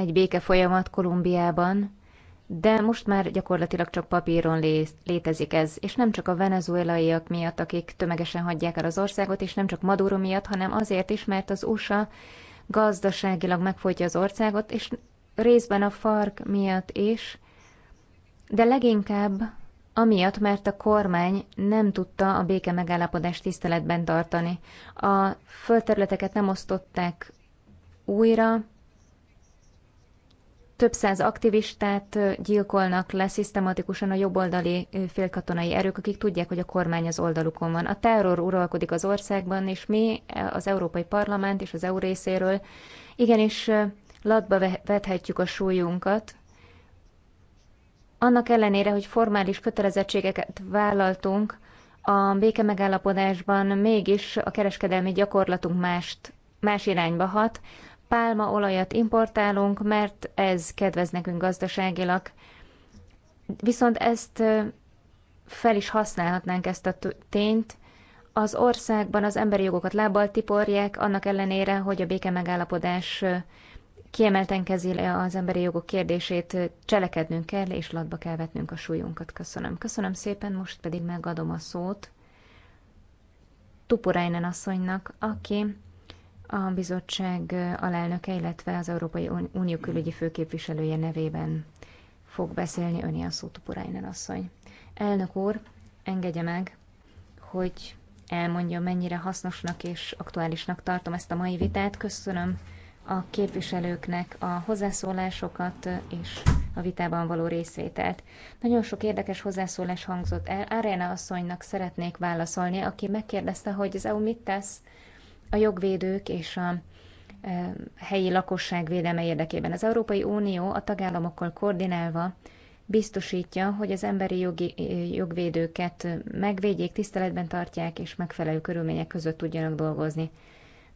egy béke folyamat Kolumbiában, de most már gyakorlatilag csak papíron létezik ez, és nem csak a venezuelaiak miatt, akik tömegesen hagyják el az országot, és nem csak Maduro miatt, hanem azért is, mert az USA gazdaságilag megfojtja az országot, és részben a fark miatt is, de leginkább amiatt, mert a kormány nem tudta a béke megállapodást tiszteletben tartani. A földterületeket nem osztották újra, több száz aktivistát gyilkolnak le szisztematikusan a jobboldali félkatonai erők, akik tudják, hogy a kormány az oldalukon van. A terror uralkodik az országban, és mi, e, az Európai Parlament és az EU részéről igenis latba vethetjük a súlyunkat, annak ellenére, hogy formális kötelezettségeket vállaltunk, a béke megállapodásban mégis a kereskedelmi gyakorlatunk mást, más irányba hat, pálmaolajat importálunk, mert ez kedvez nekünk gazdaságilag. Viszont ezt fel is használhatnánk ezt a tényt. Az országban az emberi jogokat lábbal tiporják, annak ellenére, hogy a béke megállapodás kiemelten le az emberi jogok kérdését, cselekednünk kell, és latba kell vetnünk a súlyunkat. Köszönöm. Köszönöm szépen, most pedig megadom a szót Tuporájnen asszonynak, aki a bizottság alelnöke, illetve az Európai Unió külügyi főképviselője nevében fog beszélni öni a szótupurainen asszony. Elnök úr, engedje meg, hogy elmondja, mennyire hasznosnak és aktuálisnak tartom ezt a mai vitát. Köszönöm a képviselőknek a hozzászólásokat és a vitában való részvételt. Nagyon sok érdekes hozzászólás hangzott el. Arena asszonynak szeretnék válaszolni, aki megkérdezte, hogy az EU mit tesz a jogvédők és a e, helyi lakosság védelme érdekében. Az Európai Unió a tagállamokkal koordinálva biztosítja, hogy az emberi jogi, e, jogvédőket megvédjék, tiszteletben tartják és megfelelő körülmények között tudjanak dolgozni.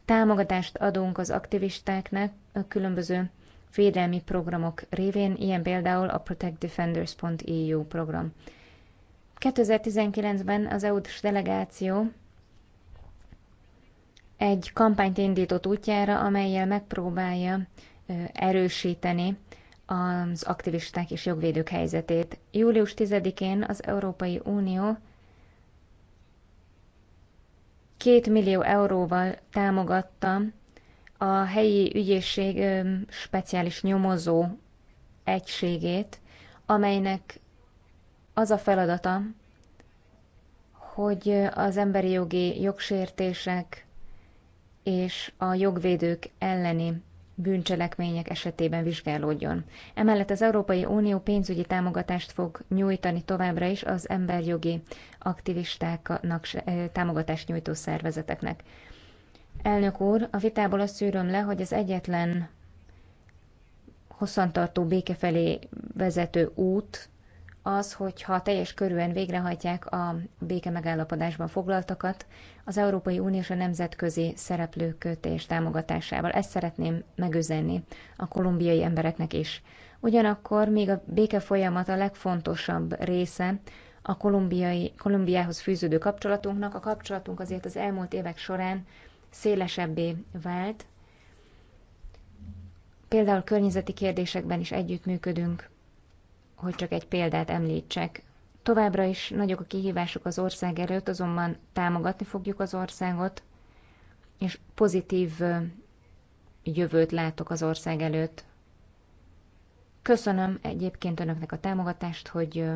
Támogatást adunk az aktivistáknak a különböző védelmi programok révén, ilyen például a protectdefenders.eu program. 2019-ben az EU-s delegáció egy kampányt indított útjára, amelyel megpróbálja erősíteni az aktivisták és jogvédők helyzetét. Július 10-én az Európai Unió két millió euróval támogatta a helyi ügyészség speciális nyomozó egységét, amelynek az a feladata, hogy az emberi jogi jogsértések, és a jogvédők elleni bűncselekmények esetében vizsgálódjon. Emellett az Európai Unió pénzügyi támogatást fog nyújtani továbbra is az emberjogi aktivistáknak támogatást nyújtó szervezeteknek. Elnök úr, a vitából azt szűröm le, hogy az egyetlen hosszantartó béke felé vezető út az, hogyha teljes körűen végrehajtják a béke megállapodásban foglaltakat az Európai Unió és a nemzetközi szereplők teljes támogatásával. Ezt szeretném megüzenni a kolumbiai embereknek is. Ugyanakkor még a béke folyamat a legfontosabb része a kolumbiai, Kolumbiához fűződő kapcsolatunknak. A kapcsolatunk azért az elmúlt évek során szélesebbé vált. Például környezeti kérdésekben is együttműködünk hogy csak egy példát említsek. Továbbra is nagyok a kihívások az ország előtt, azonban támogatni fogjuk az országot, és pozitív jövőt látok az ország előtt. Köszönöm egyébként önöknek a támogatást, hogy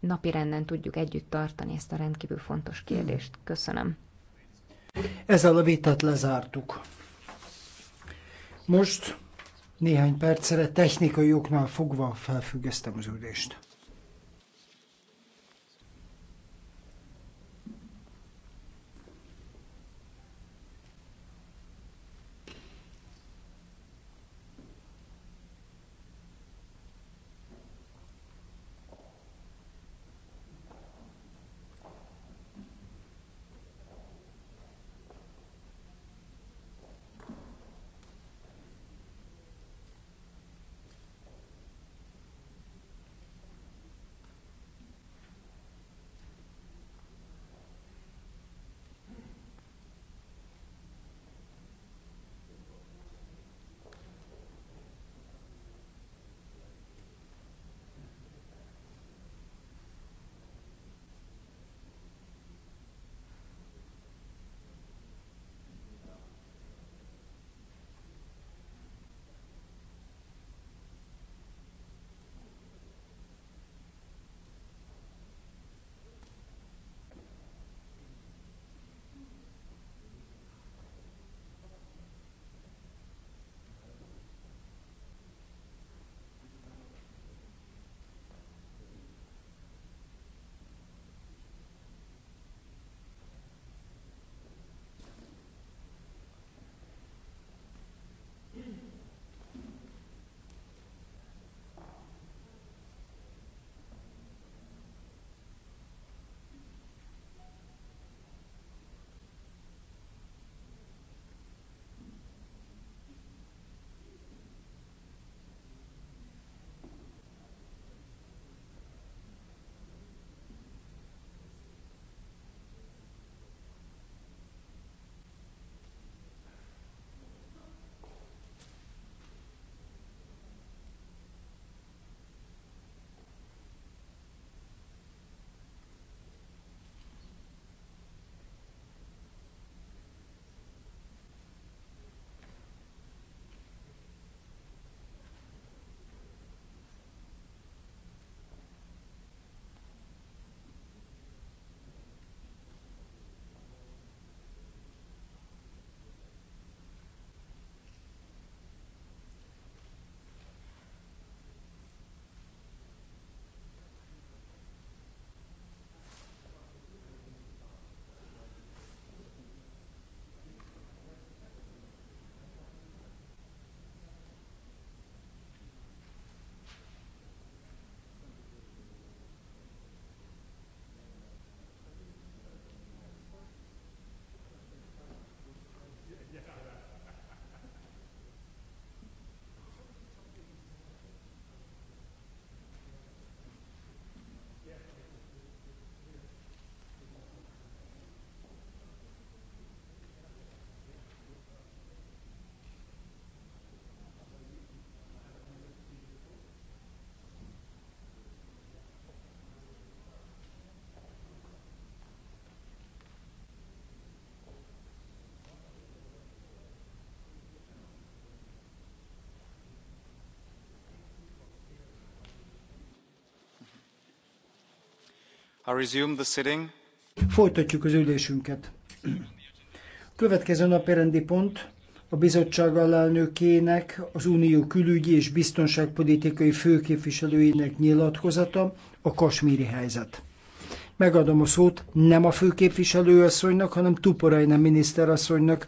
napirenden tudjuk együtt tartani ezt a rendkívül fontos kérdést. Köszönöm. Ezzel a vitat lezártuk. Most néhány percre technikai oknál fogva felfüggesztem az ülést. Folytatjuk az ülésünket. Következő napirendi pont a bizottság alelnökének, az Unió külügyi és biztonságpolitikai főképviselőjének nyilatkozata, a kasmíri helyzet. Megadom a szót nem a főképviselőasszonynak, hanem Tuporajnem miniszterasszonynak,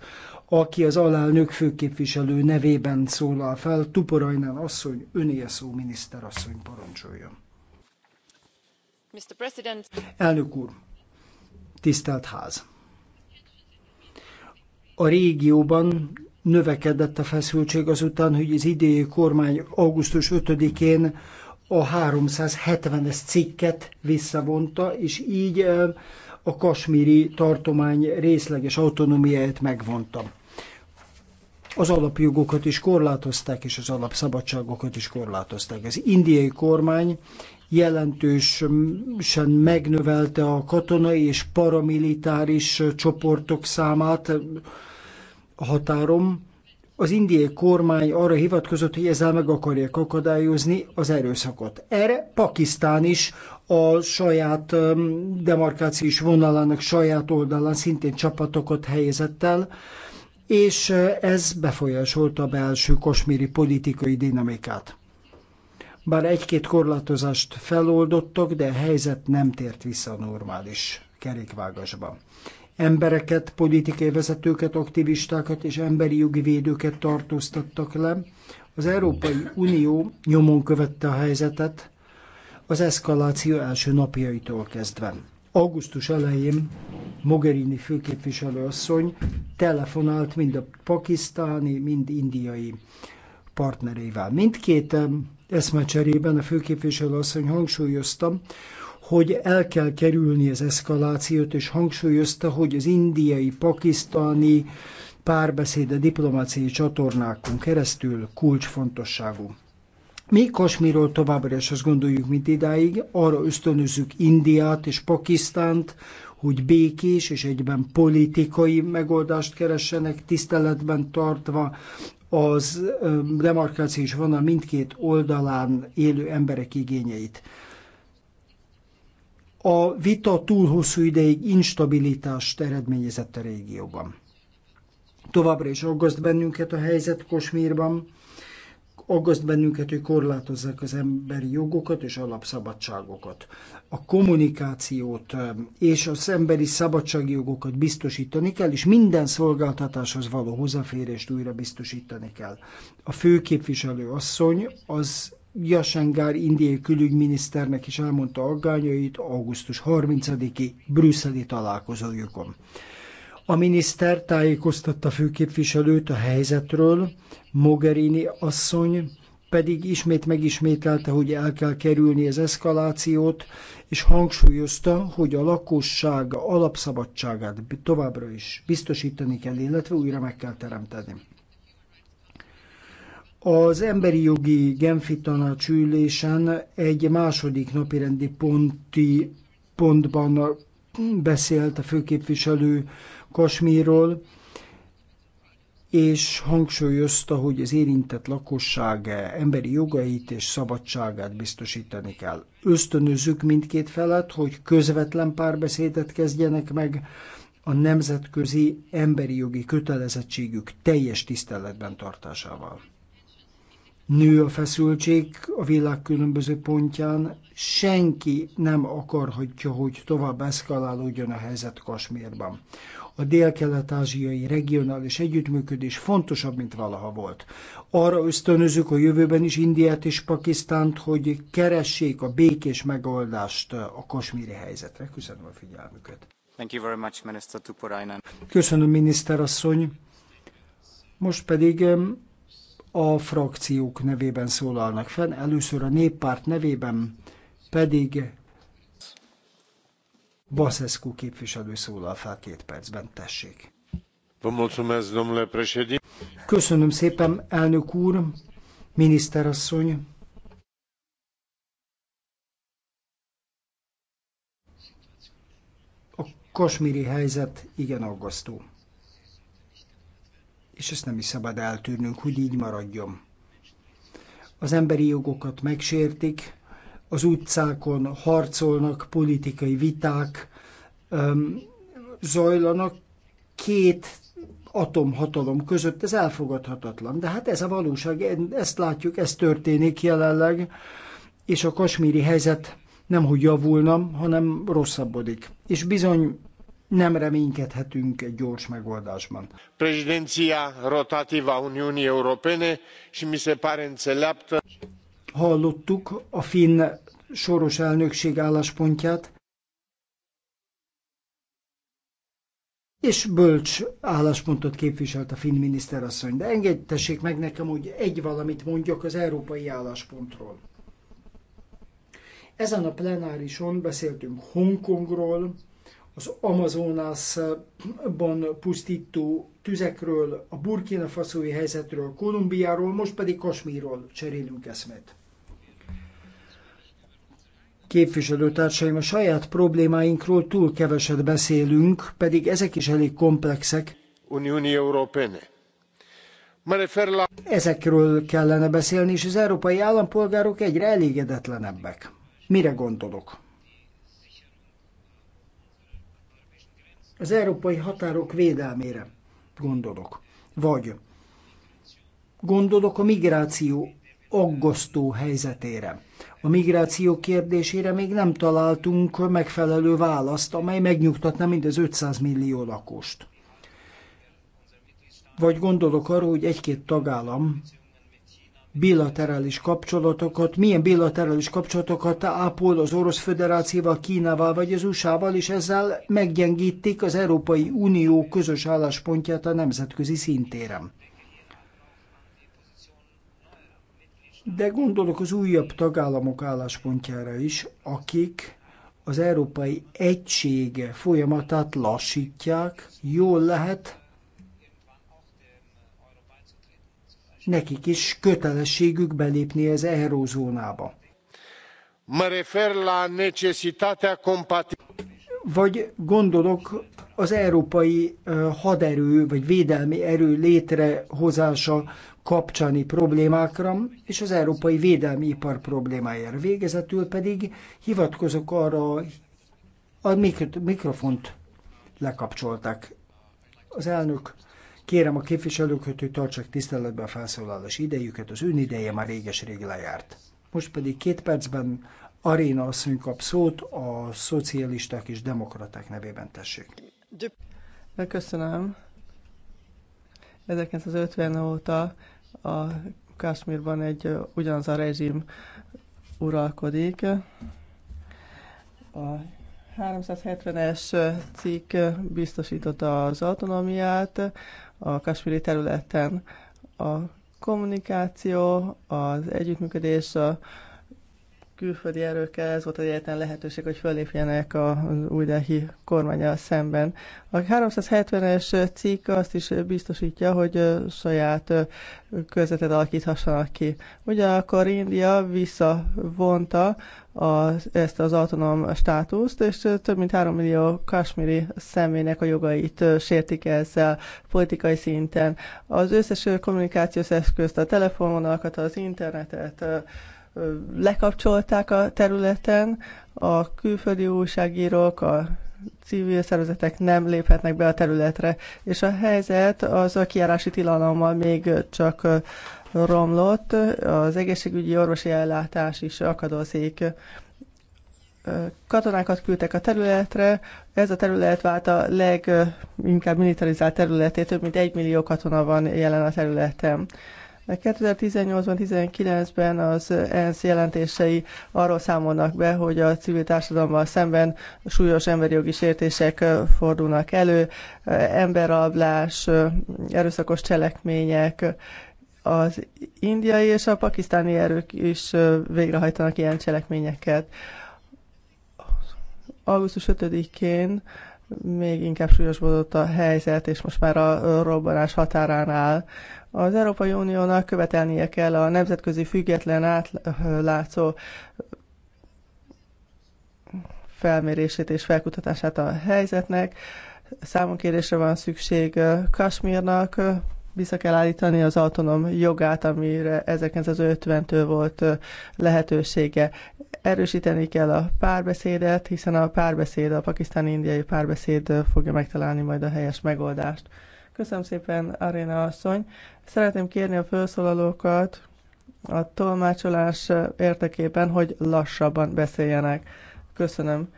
aki az alelnök főképviselő nevében szólal fel. Tuporajnán asszony, öné a szó miniszterasszony parancsoljon. Elnök úr, tisztelt ház! A régióban növekedett a feszültség azután, hogy az idei kormány augusztus 5-én a 370-es cikket visszavonta, és így eh, a kasmiri tartomány részleges autonómiáját megvonta. Az alapjogokat is korlátozták, és az alapszabadságokat is korlátozták. Az indiai kormány jelentősen megnövelte a katonai és paramilitáris csoportok számát a határom. Az indiai kormány arra hivatkozott, hogy ezzel meg akarják akadályozni az erőszakot. Erre Pakisztán is a saját demarkációs vonalának saját oldalán szintén csapatokat helyezett el, és ez befolyásolta a belső kosmíri politikai dinamikát. Bár egy-két korlátozást feloldottak, de a helyzet nem tért vissza a normális kerékvágásba. Embereket, politikai vezetőket, aktivistákat és emberi jogi védőket tartóztattak le. Az Európai Unió nyomon követte a helyzetet az eszkaláció első napjaitól kezdve. Augusztus elején Mogherini Asszony telefonált mind a pakisztáni, mind indiai partnereivel. Mindkét eszmecserében a főképviselő asszony hangsúlyozta, hogy el kell kerülni az eszkalációt, és hangsúlyozta, hogy az indiai, pakisztáni párbeszéd a diplomáciai csatornákon keresztül kulcsfontosságú. Mi Kasmiról továbbra is azt gondoljuk, mint idáig, arra ösztönözzük Indiát és Pakisztánt, hogy békés és egyben politikai megoldást keressenek, tiszteletben tartva az demarkációs vonal mindkét oldalán élő emberek igényeit. A vita túl hosszú ideig instabilitást eredményezett a régióban. Továbbra is aggaszt bennünket a helyzet Kosmírban, aggaszt bennünket, hogy korlátozzák az emberi jogokat és alapszabadságokat. A kommunikációt eh, és az emberi szabadságjogokat biztosítani kell, és minden szolgáltatáshoz való hozzáférést újra biztosítani kell. A főképviselő asszony az Jasengár indiai külügyminiszternek is elmondta aggányait augusztus 30-i brüsszeli találkozójukon. A miniszter tájékoztatta főképviselőt a helyzetről, Mogherini asszony pedig ismét megismételte, hogy el kell kerülni az eszkalációt, és hangsúlyozta, hogy a lakosság alapszabadságát továbbra is biztosítani kell, illetve újra meg kell teremteni. Az emberi jogi Genfi tanácsülésen egy második napirendi ponti pontban beszélt a főképviselő Kasmírról, és hangsúlyozta, hogy az érintett lakosság emberi jogait és szabadságát biztosítani kell. Ösztönözzük mindkét felet, hogy közvetlen párbeszédet kezdjenek meg, a nemzetközi emberi jogi kötelezettségük teljes tiszteletben tartásával. Nő a feszültség a világ különböző pontján, senki nem akarhatja, hogy tovább eszkalálódjon a helyzet Kasmírban a dél-kelet-ázsiai regionális együttműködés fontosabb, mint valaha volt. Arra ösztönözük a jövőben is Indiát és Pakisztánt, hogy keressék a békés megoldást a kasmíri helyzetre. Köszönöm a figyelmüket. Thank you very much, Minister Tuporainen. Köszönöm, miniszterasszony. Most pedig a frakciók nevében szólalnak fel. Először a néppárt nevében pedig Basescu képviselő szólal fel két percben, tessék. Köszönöm szépen, elnök úr, miniszterasszony. A kasmiri helyzet igen aggasztó. És ezt nem is szabad eltűrnünk, hogy így maradjon. Az emberi jogokat megsértik, az utcákon harcolnak, politikai viták öm, zajlanak két atomhatalom között, ez elfogadhatatlan. De hát ez a valóság, ezt látjuk, ez történik jelenleg, és a kasmíri helyzet nem hogy javulna, hanem rosszabbodik. És bizony nem reménykedhetünk egy gyors megoldásban. Prezidencia rotativa Uniunii Europene, és mi se pare înțeleaptă hallottuk a finn soros elnökség álláspontját, és bölcs álláspontot képviselt a finn miniszterasszony. De engedtessék meg nekem, hogy egy valamit mondjak az európai álláspontról. Ezen a plenárison beszéltünk Hongkongról, az Amazonasban pusztító tüzekről, a burkina faszói helyzetről, Kolumbiáról, most pedig Kasmírról cserélünk eszmét képviselőtársaim, a saját problémáinkról túl keveset beszélünk, pedig ezek is elég komplexek. Uniunii Europene. Ezekről kellene beszélni, és az európai állampolgárok egyre elégedetlenebbek. Mire gondolok? Az európai határok védelmére gondolok. Vagy gondolok a migráció aggasztó helyzetére. A migráció kérdésére még nem találtunk megfelelő választ, amely megnyugtatna mindez 500 millió lakost. Vagy gondolok arra, hogy egy-két tagállam bilaterális kapcsolatokat, milyen bilaterális kapcsolatokat ápol az Orosz Föderációval, Kínával vagy az USA-val, és ezzel meggyengítik az Európai Unió közös álláspontját a nemzetközi szintéren. De gondolok az újabb tagállamok álláspontjára is, akik az európai egysége folyamatát lassítják, jól lehet, nekik is kötelességük belépni az eurozónába. Vagy gondolok az európai haderő vagy védelmi erő létrehozása kapcsani problémákra és az európai védelmi ipar problémájára. Végezetül pedig hivatkozok arra, a mikrofont lekapcsolták. Az elnök kérem a képviselőket, hogy tartsák tiszteletben a felszólalás idejüket, az ön ideje már réges-rég lejárt. Most pedig két percben Aréna asszony kap szót a szocialisták és demokraták nevében tessék. Köszönöm. 1950 óta a Kásmírban egy ugyanaz a rezsim uralkodik. A 370-es cikk biztosította az autonómiát a kasmiri területen. A kommunikáció, az együttműködés, a külföldi erőkkel ez volt az egyetlen lehetőség, hogy fölépjenek az új Delhi szemben. A 370-es cikk azt is biztosítja, hogy saját közvetet alakíthassanak ki. Ugyanakkor India visszavonta a, ezt az autonóm státuszt, és több mint 3 millió kasmiri személynek a jogait sértik ezzel politikai szinten. Az összes kommunikációs eszközt, a telefonvonalakat, az internetet, lekapcsolták a területen, a külföldi újságírók, a civil szervezetek nem léphetnek be a területre, és a helyzet az a kiárási tilalommal még csak romlott, az egészségügyi orvosi ellátás is akadozik. Katonákat küldtek a területre, ez a terület vált a leginkább militarizált területé, több mint egy millió katona van jelen a területen. 2018-ban, e 19-ben az ENSZ jelentései arról számolnak be, hogy a civil társadalommal szemben súlyos emberi jogi sértések fordulnak elő, e, emberablás, erőszakos cselekmények, az indiai és a pakisztáni erők is végrehajtanak ilyen cselekményeket. Augusztus 5-én még inkább súlyosbodott a helyzet, és most már a robbanás határán áll. Az Európai Uniónak követelnie kell a nemzetközi független átlátszó felmérését és felkutatását a helyzetnek. Számonkérésre van szükség Kasmírnak, vissza kell állítani az autonóm jogát, amire 1950-től volt lehetősége. Erősíteni kell a párbeszédet, hiszen a párbeszéd, a pakisztáni-indiai párbeszéd fogja megtalálni majd a helyes megoldást. Köszönöm szépen, Aréna asszony. Szeretném kérni a felszólalókat a tolmácsolás érdekében, hogy lassabban beszéljenek. Köszönöm.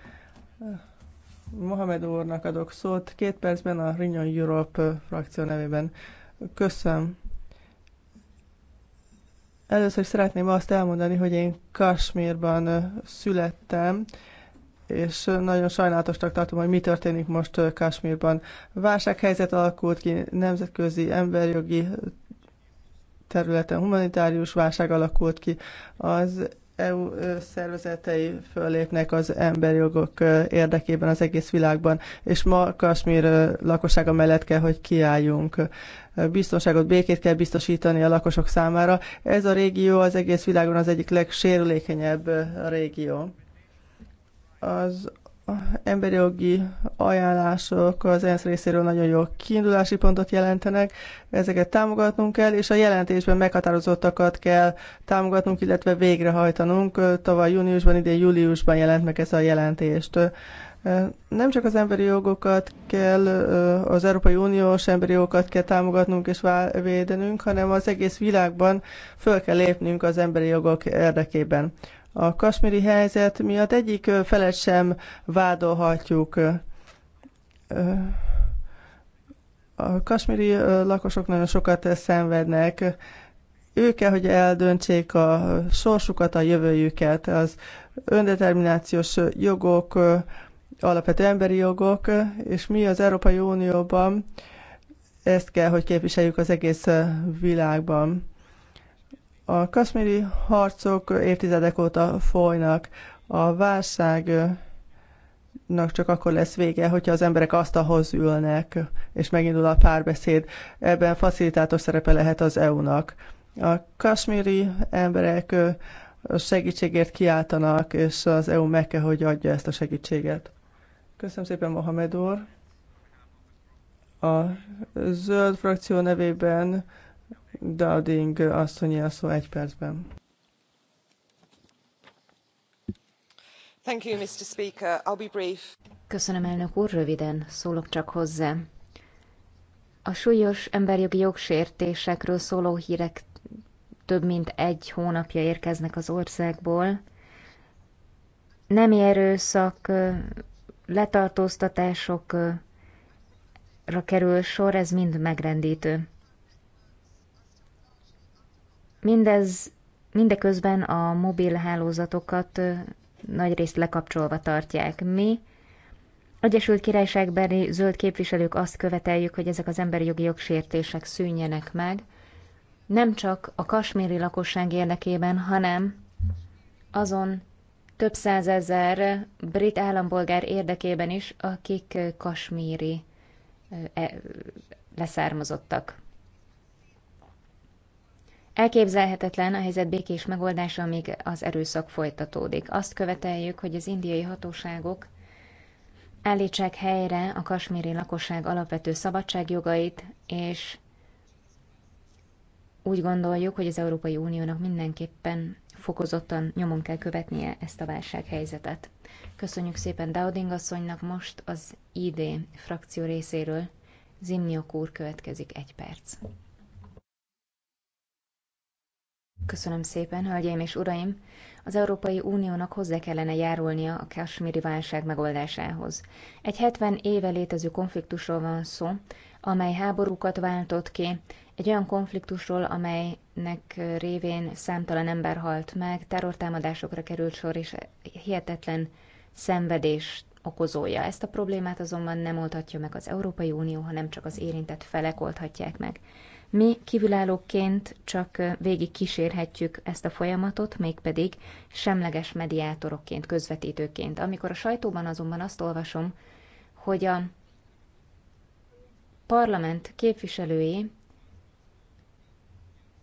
Mohamed úrnak adok szót. Két percben a Renew Europe frakció nevében. Köszönöm. Először szeretném azt elmondani, hogy én Kasmírban születtem, és nagyon sajnálatosnak tartom, hogy mi történik most Kasmírban. Válsághelyzet alakult ki, nemzetközi emberjogi területen humanitárius válság alakult ki. Az EU szervezetei föllépnek az emberjogok érdekében az egész világban, és ma Kasmír lakossága mellett kell, hogy kiálljunk. Biztonságot, békét kell biztosítani a lakosok számára. Ez a régió az egész világon az egyik legsérülékenyebb régió. Az emberi jogi ajánlások az ENSZ részéről nagyon jó kiindulási pontot jelentenek, ezeket támogatnunk kell, és a jelentésben meghatározottakat kell támogatnunk, illetve végrehajtanunk. Tavaly júniusban, idén júliusban jelent meg ez a jelentést. Nem csak az emberi jogokat kell, az Európai Uniós emberi jogokat kell támogatnunk és védenünk, hanem az egész világban föl kell lépnünk az emberi jogok érdekében. A kasmiri helyzet miatt egyik felet sem vádolhatjuk. A kasmiri lakosok nagyon sokat szenvednek. Ők kell, hogy eldöntsék a sorsukat, a jövőjüket. Az öndeterminációs jogok, alapvető emberi jogok, és mi az Európai Unióban ezt kell, hogy képviseljük az egész világban. A kaszmiri harcok évtizedek óta folynak. A válságnak csak akkor lesz vége, hogyha az emberek asztalhoz ülnek, és megindul a párbeszéd. Ebben facilitátor szerepe lehet az EU-nak. A kaszmiri emberek segítségért kiáltanak, és az EU meg kell, hogy adja ezt a segítséget. Köszönöm szépen, Mohamed úr. A zöld frakció nevében Dalding asszony a szó egy percben. Thank you, Mr. Speaker. I'll be brief. Köszönöm, elnök úr, röviden szólok csak hozzá. A súlyos emberjogi jogsértésekről szóló hírek több mint egy hónapja érkeznek az országból. Nemi erőszak, letartóztatásokra kerül sor, ez mind megrendítő. Mindez mindeközben a mobil hálózatokat nagyrészt lekapcsolva tartják. Mi, Egyesült Királyságbeli zöld képviselők azt követeljük, hogy ezek az emberi jogi jogsértések szűnjenek meg, nem csak a kasméri lakosság érdekében, hanem azon több százezer brit állampolgár érdekében is, akik kasméri e, leszármazottak. Elképzelhetetlen a helyzet békés megoldása, amíg az erőszak folytatódik. Azt követeljük, hogy az indiai hatóságok állítsák helyre a kasmíri lakosság alapvető szabadságjogait, és úgy gondoljuk, hogy az Európai Uniónak mindenképpen fokozottan nyomon kell követnie ezt a válsághelyzetet. Köszönjük szépen Dauding asszonynak, most az ID frakció részéről Zimniok úr következik egy perc. Köszönöm szépen, hölgyeim és uraim! Az Európai Uniónak hozzá kellene járulnia a kasmíri válság megoldásához. Egy 70 éve létező konfliktusról van szó, amely háborúkat váltott ki, egy olyan konfliktusról, amelynek révén számtalan ember halt meg, terrortámadásokra került sor, és hihetetlen szenvedés okozója. Ezt a problémát azonban nem oldhatja meg az Európai Unió, hanem csak az érintett felek oldhatják meg. Mi kívülállóként csak végig kísérhetjük ezt a folyamatot, mégpedig semleges mediátorokként, közvetítőként. Amikor a sajtóban azonban azt olvasom, hogy a parlament képviselői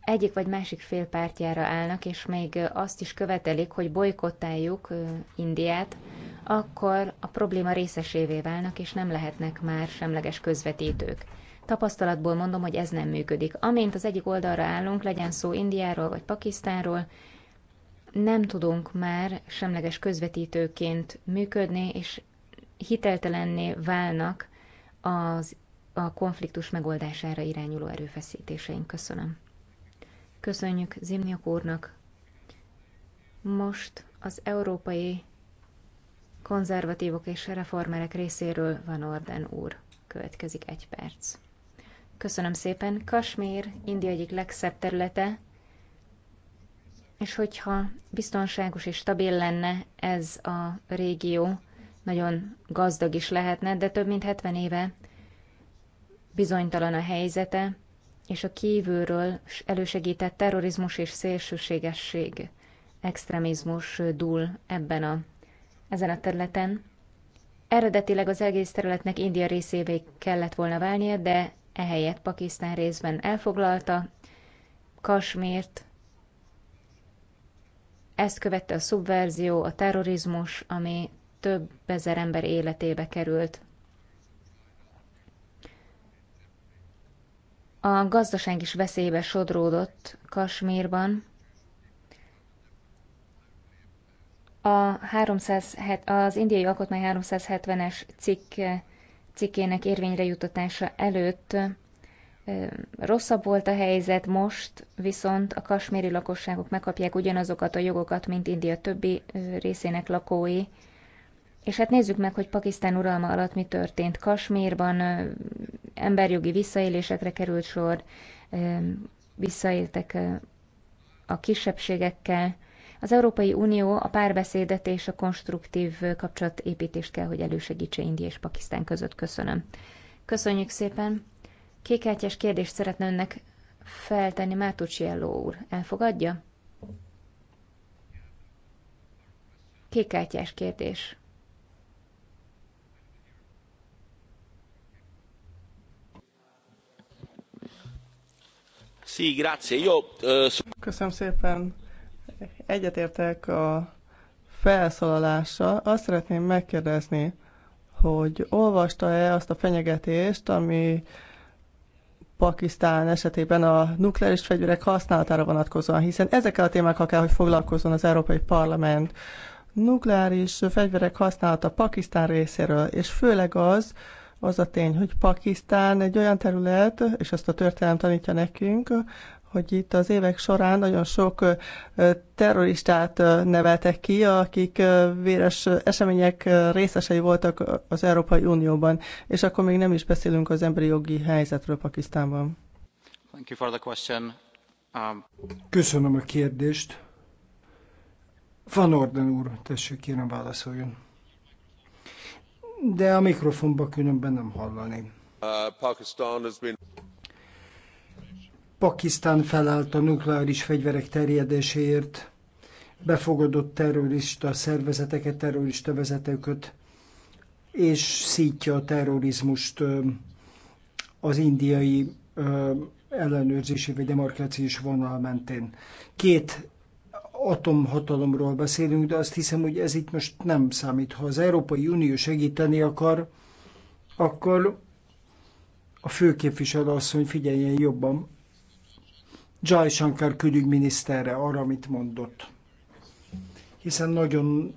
egyik vagy másik fél pártjára állnak, és még azt is követelik, hogy bolykottáljuk Indiát, akkor a probléma részesévé válnak, és nem lehetnek már semleges közvetítők. Tapasztalatból mondom, hogy ez nem működik. Amint az egyik oldalra állunk, legyen szó Indiáról vagy Pakisztánról, nem tudunk már semleges közvetítőként működni, és hiteltelenné válnak az, a konfliktus megoldására irányuló erőfeszítéseink. Köszönöm. Köszönjük Zimniak úrnak. Most az európai konzervatívok és reformerek részéről Van Orden úr. Következik egy perc. Köszönöm szépen. Kasmér, India egyik legszebb területe, és hogyha biztonságos és stabil lenne ez a régió, nagyon gazdag is lehetne, de több mint 70 éve bizonytalan a helyzete, és a kívülről elősegített terrorizmus és szélsőségesség, extremizmus dúl ebben a, ezen a területen. Eredetileg az egész területnek India részévé kellett volna válnia, de ehelyett Pakisztán részben elfoglalta Kasmért, ezt követte a szubverzió, a terrorizmus, ami több ezer ember életébe került. A gazdaság is veszélybe sodródott Kasmírban. A 307, az indiai alkotmány 370-es cikke cikkének érvényre jutatása előtt rosszabb volt a helyzet, most viszont a kasméri lakosságok megkapják ugyanazokat a jogokat, mint India többi részének lakói. És hát nézzük meg, hogy Pakisztán uralma alatt mi történt. Kasmírban emberjogi visszaélésekre került sor, visszaéltek a kisebbségekkel, az Európai Unió a párbeszédet és a konstruktív kapcsolatépítést kell, hogy elősegítse India és Pakisztán között. Köszönöm. Köszönjük szépen. Kékhátyás kérdést szeretne önnek feltenni Mátucsielló úr. Elfogadja? Kékhátyás kérdés. Eh, Köszönöm szépen egyetértek a felszólalása. Azt szeretném megkérdezni, hogy olvasta-e azt a fenyegetést, ami Pakisztán esetében a nukleáris fegyverek használatára vonatkozóan, hiszen ezekkel a témákkal kell, hogy foglalkozzon az Európai Parlament. Nukleáris fegyverek használata Pakisztán részéről, és főleg az, az a tény, hogy Pakisztán egy olyan terület, és ezt a történelem tanítja nekünk, hogy itt az évek során nagyon sok terroristát neveltek ki, akik véres események részesei voltak az Európai Unióban, és akkor még nem is beszélünk az emberi jogi helyzetről Pakisztánban. Thank you for the question. Um... Köszönöm a kérdést. Van Orden úr, tessék, kérem válaszoljon. De a mikrofonba különben nem hallani. Uh, Pakistan has been... Pakisztán felállt a nukleáris fegyverek terjedéséért, befogadott terrorista szervezeteket, terrorista vezetőket, és szítja a terrorizmust az indiai ellenőrzési vagy demarkációs vonal mentén. Két atomhatalomról beszélünk, de azt hiszem, hogy ez itt most nem számít. Ha az Európai Unió segíteni akar, akkor a főképviselő asszony figyeljen jobban Jai Shankar külügyminiszterre arra, amit mondott. Hiszen nagyon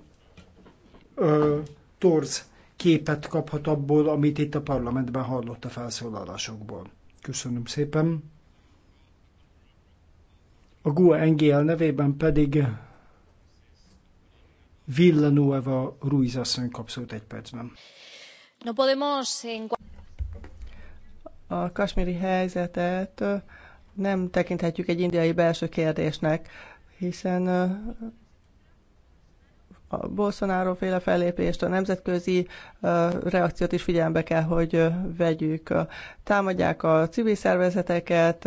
ö, torz képet kaphat abból, amit itt a parlamentben hallott a felszólalásokból. Köszönöm szépen. A GUA e NGL nevében pedig Villanueva Ruiz asszony kap egy percben. No podemos... A kasmiri helyzetet nem tekinthetjük egy indiai belső kérdésnek, hiszen a Bolsonaro féle fellépést, a nemzetközi reakciót is figyelembe kell, hogy vegyük. Támadják a civil szervezeteket,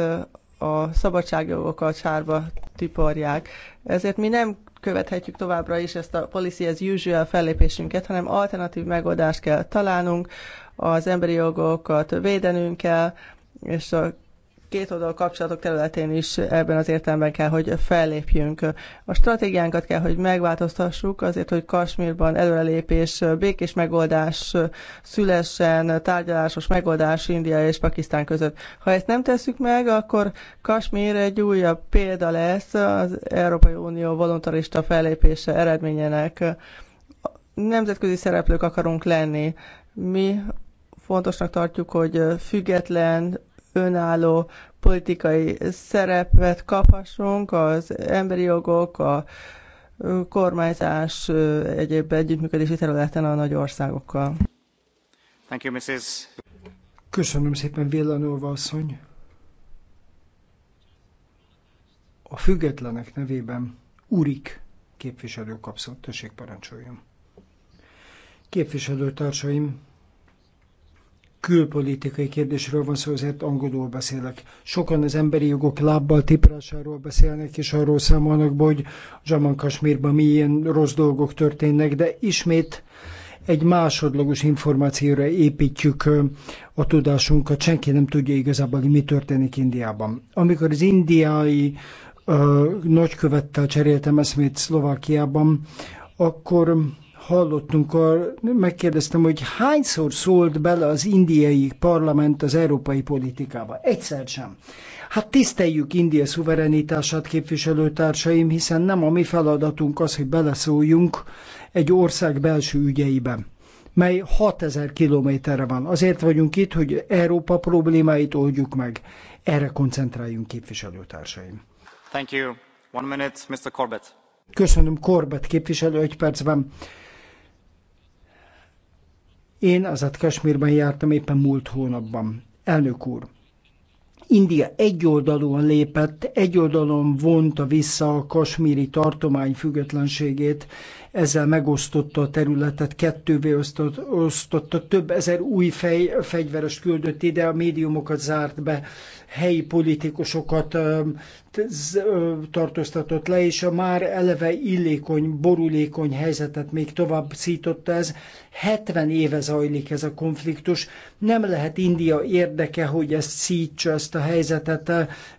a szabadságjogokat sárba tiporják. Ezért mi nem követhetjük továbbra is ezt a policy as usual fellépésünket, hanem alternatív megoldást kell találnunk, az emberi jogokat védenünk kell, és a két oldal kapcsolatok területén is ebben az értelemben kell, hogy fellépjünk. A stratégiánkat kell, hogy megváltoztassuk azért, hogy Kasmírban előrelépés, békés megoldás szülessen, tárgyalásos megoldás India és Pakisztán között. Ha ezt nem tesszük meg, akkor Kasmír egy újabb példa lesz az Európai Unió voluntarista fellépése eredményének. Nemzetközi szereplők akarunk lenni. Mi fontosnak tartjuk, hogy független, önálló politikai szerepet kaphassunk, az emberi jogok, a kormányzás egyéb együttműködési területen a nagy országokkal. Thank you, Mrs. Köszönöm szépen, Villanova asszony. A függetlenek nevében Urik képviselő kapszott, tessék parancsoljon. Képviselőtársaim, külpolitikai kérdésről van szó, azért angolul beszélek. Sokan az emberi jogok lábbal tiprásáról beszélnek, és arról számolnak be, hogy Zsaman Kasmírban milyen rossz dolgok történnek, de ismét egy másodlagos információra építjük a tudásunkat, senki nem tudja igazából, hogy mi történik Indiában. Amikor az indiai ö, nagykövettel cseréltem eszmét Szlovákiában, akkor hallottunk, a, megkérdeztem, hogy hányszor szólt bele az indiai parlament az európai politikába? Egyszer sem. Hát tiszteljük India szuverenitását, képviselőtársaim, hiszen nem a mi feladatunk az, hogy beleszóljunk egy ország belső ügyeibe mely 6000 kilométerre van. Azért vagyunk itt, hogy Európa problémáit oldjuk meg. Erre koncentráljunk képviselőtársaim. Thank you. One minute, Mr. Corbett. Köszönöm Corbett képviselő egy percben. Én azat Kasmírban jártam éppen múlt hónapban. Elnök úr, India egyoldalúan lépett, egyoldalon vonta vissza a kasmíri tartomány függetlenségét, ezzel megosztotta a területet, kettővé osztott, osztotta, több ezer új fej, fegyveres küldött ide, a médiumokat zárt be, helyi politikusokat tartóztatott le, és a már eleve illékony, borulékony helyzetet még tovább szította ez. 70 éve zajlik ez a konfliktus. Nem lehet India érdeke, hogy ezt szítsa, ezt a helyzetet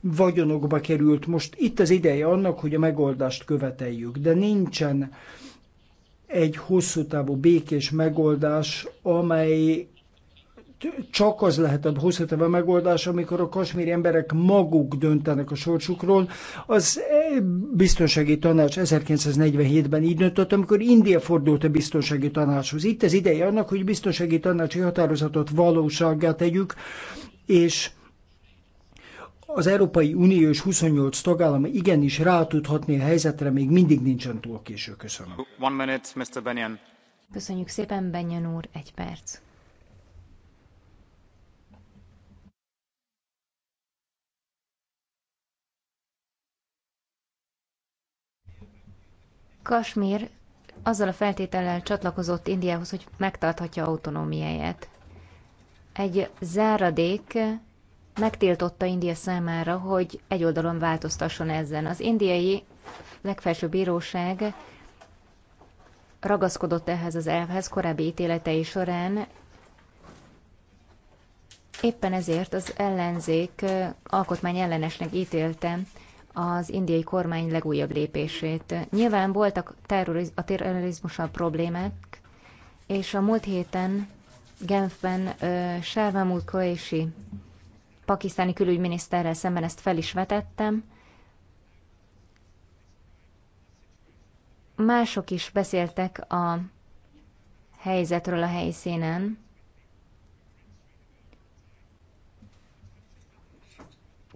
vagyonokba került. Most itt az ideje annak, hogy a megoldást követeljük, de nincsen egy hosszú távú békés megoldás, amely csak az lehet a hosszú távú megoldás, amikor a kasmíri emberek maguk döntenek a sorsukról. Az eh, biztonsági tanács 1947-ben így döntött, amikor India fordult a biztonsági tanácshoz. Itt az ideje annak, hogy biztonsági tanácsi határozatot valósággá tegyük, és az Európai Unió és 28 tagállama igenis rá tudhatni a helyzetre, még mindig nincsen túl késő. Köszönöm. One minute, Mr. Köszönjük szépen, Benyon úr, egy perc. Kasmír azzal a feltétellel csatlakozott Indiához, hogy megtarthatja autonómiáját. Egy záradék megtiltotta India számára, hogy egy oldalon változtasson ezen. Az indiai legfelsőbb bíróság ragaszkodott ehhez az elvhez korábbi ítéletei során, Éppen ezért az ellenzék alkotmány ellenesnek ítélte az indiai kormány legújabb lépését. Nyilván voltak terroriz- a terrorizmussal problémák, és a múlt héten Genfben Sárvamúl Koési pakisztáni külügyminiszterrel szemben ezt fel is vetettem. Mások is beszéltek a helyzetről a helyszínen.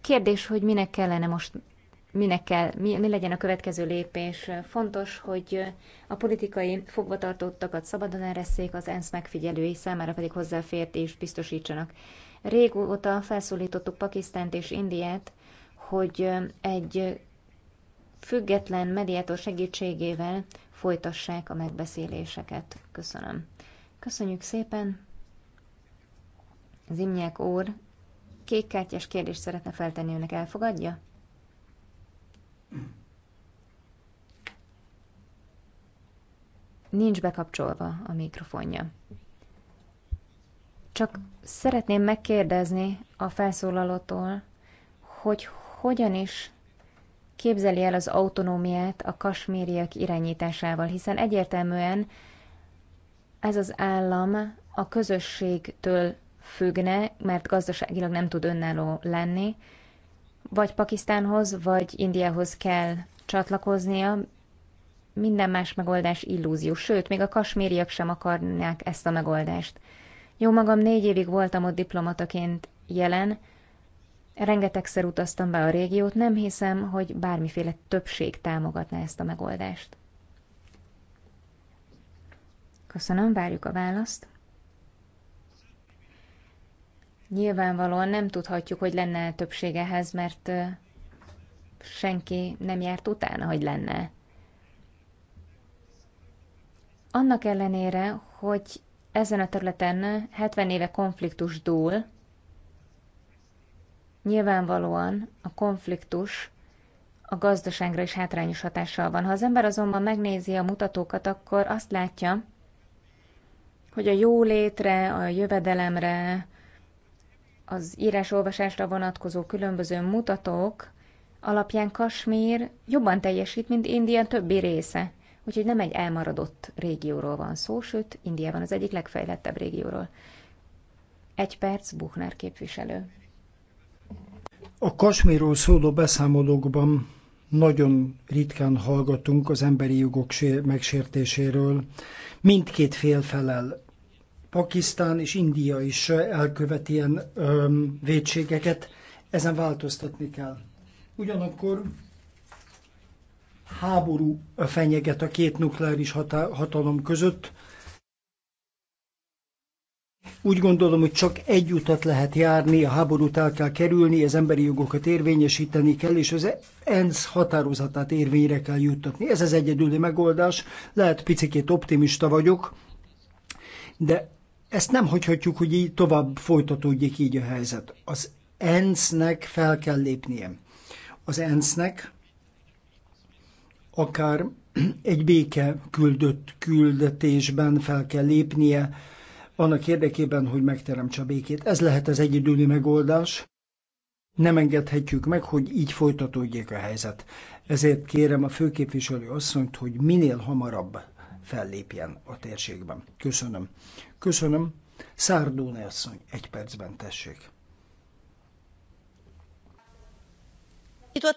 Kérdés, hogy minek kellene most, minek kell, mi, mi legyen a következő lépés. Fontos, hogy a politikai fogvatartottakat szabadon ereszék, az ENSZ megfigyelői számára pedig hozzáférést biztosítsanak. Régóta felszólítottuk Pakisztánt és Indiát, hogy egy független mediátor segítségével folytassák a megbeszéléseket. Köszönöm. Köszönjük szépen. Zimnyák úr, kékkártyás kérdést szeretne feltenni önnek, elfogadja? Nincs bekapcsolva a mikrofonja. Csak szeretném megkérdezni a felszólalótól, hogy hogyan is képzeli el az autonómiát a kasmériek irányításával, hiszen egyértelműen ez az állam a közösségtől függne, mert gazdaságilag nem tud önálló lenni, vagy Pakisztánhoz, vagy Indiához kell csatlakoznia, minden más megoldás illúzió, sőt, még a kasmériak sem akarnák ezt a megoldást magam négy évig voltam ott diplomataként jelen, rengetegszer utaztam be a régiót, nem hiszem, hogy bármiféle többség támogatná ezt a megoldást. Köszönöm, várjuk a választ. Nyilvánvalóan nem tudhatjuk, hogy lenne többség ehhez, mert senki nem járt utána, hogy lenne. Annak ellenére, hogy ezen a területen 70 éve konfliktus dúl. Nyilvánvalóan a konfliktus a gazdaságra is hátrányos hatással van. Ha az ember azonban megnézi a mutatókat, akkor azt látja, hogy a jólétre, a jövedelemre, az írás-olvasásra vonatkozó különböző mutatók alapján Kasmír jobban teljesít, mint India többi része úgyhogy nem egy elmaradott régióról van szó, sőt, Indiában az egyik legfejlettebb régióról. Egy perc, Buchner képviselő. A Kasmírról szóló beszámolókban nagyon ritkán hallgatunk az emberi jogok megsértéséről. Mindkét fél felel. Pakisztán és India is elkövet ilyen öm, védségeket, ezen változtatni kell. Ugyanakkor háború fenyeget a két nukleáris hatalom között. Úgy gondolom, hogy csak egy utat lehet járni, a háborút el kell kerülni, az emberi jogokat érvényesíteni kell, és az ENSZ határozatát érvényre kell juttatni. Ez az egyedüli megoldás. Lehet picikét optimista vagyok, de ezt nem hagyhatjuk, hogy így tovább folytatódjék így a helyzet. Az ENSZ-nek fel kell lépnie. Az ENSZ-nek akár egy béke küldött küldetésben fel kell lépnie, annak érdekében, hogy megteremtse a békét. Ez lehet az egyedüli megoldás. Nem engedhetjük meg, hogy így folytatódjék a helyzet. Ezért kérem a főképviselő asszonyt, hogy minél hamarabb fellépjen a térségben. Köszönöm. Köszönöm. Szárdóne asszony, egy percben tessék. A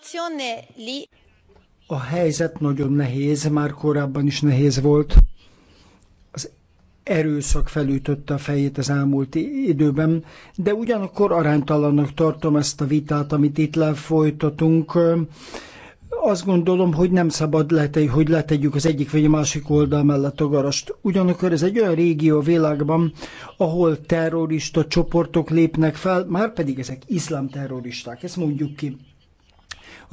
a helyzet nagyon nehéz, már korábban is nehéz volt. Az erőszak felütötte a fejét az elmúlt időben, de ugyanakkor aránytalannak tartom ezt a vitát, amit itt lefolytatunk azt gondolom, hogy nem szabad, lete, hogy letegyük az egyik vagy a másik oldal mellett a garast. Ugyanakkor ez egy olyan régió a világban, ahol terrorista csoportok lépnek fel, már pedig ezek iszlám terroristák, ezt mondjuk ki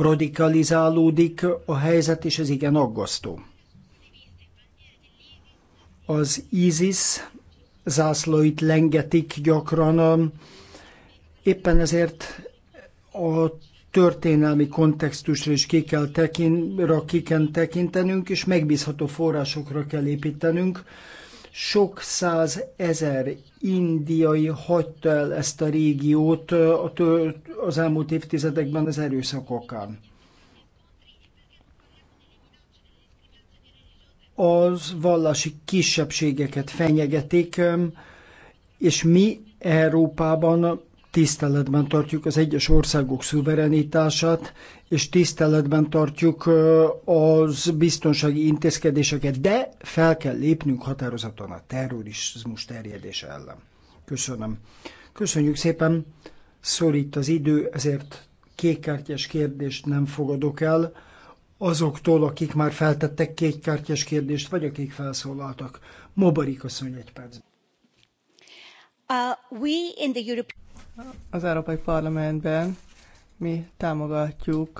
radikalizálódik a helyzet, és ez igen aggasztó. Az ISIS zászlóit lengetik gyakran, éppen ezért a történelmi kontextusra is ki kell, tekin, ki kell tekintenünk, és megbízható forrásokra kell építenünk, sok száz ezer indiai hagyta el ezt a régiót az elmúlt évtizedekben az erőszakokán. Az vallási kisebbségeket fenyegetik, és mi Európában tiszteletben tartjuk az egyes országok szuverenitását, és tiszteletben tartjuk az biztonsági intézkedéseket, de fel kell lépnünk határozatlan a terrorizmus terjedése ellen. Köszönöm. Köszönjük szépen. Szorít az idő, ezért kékkártyás kérdést nem fogadok el azoktól, akik már feltettek kékkártyás kérdést, vagy akik felszólaltak. Mobarik asszony egy percben. Uh, we in the European az Európai Parlamentben mi támogatjuk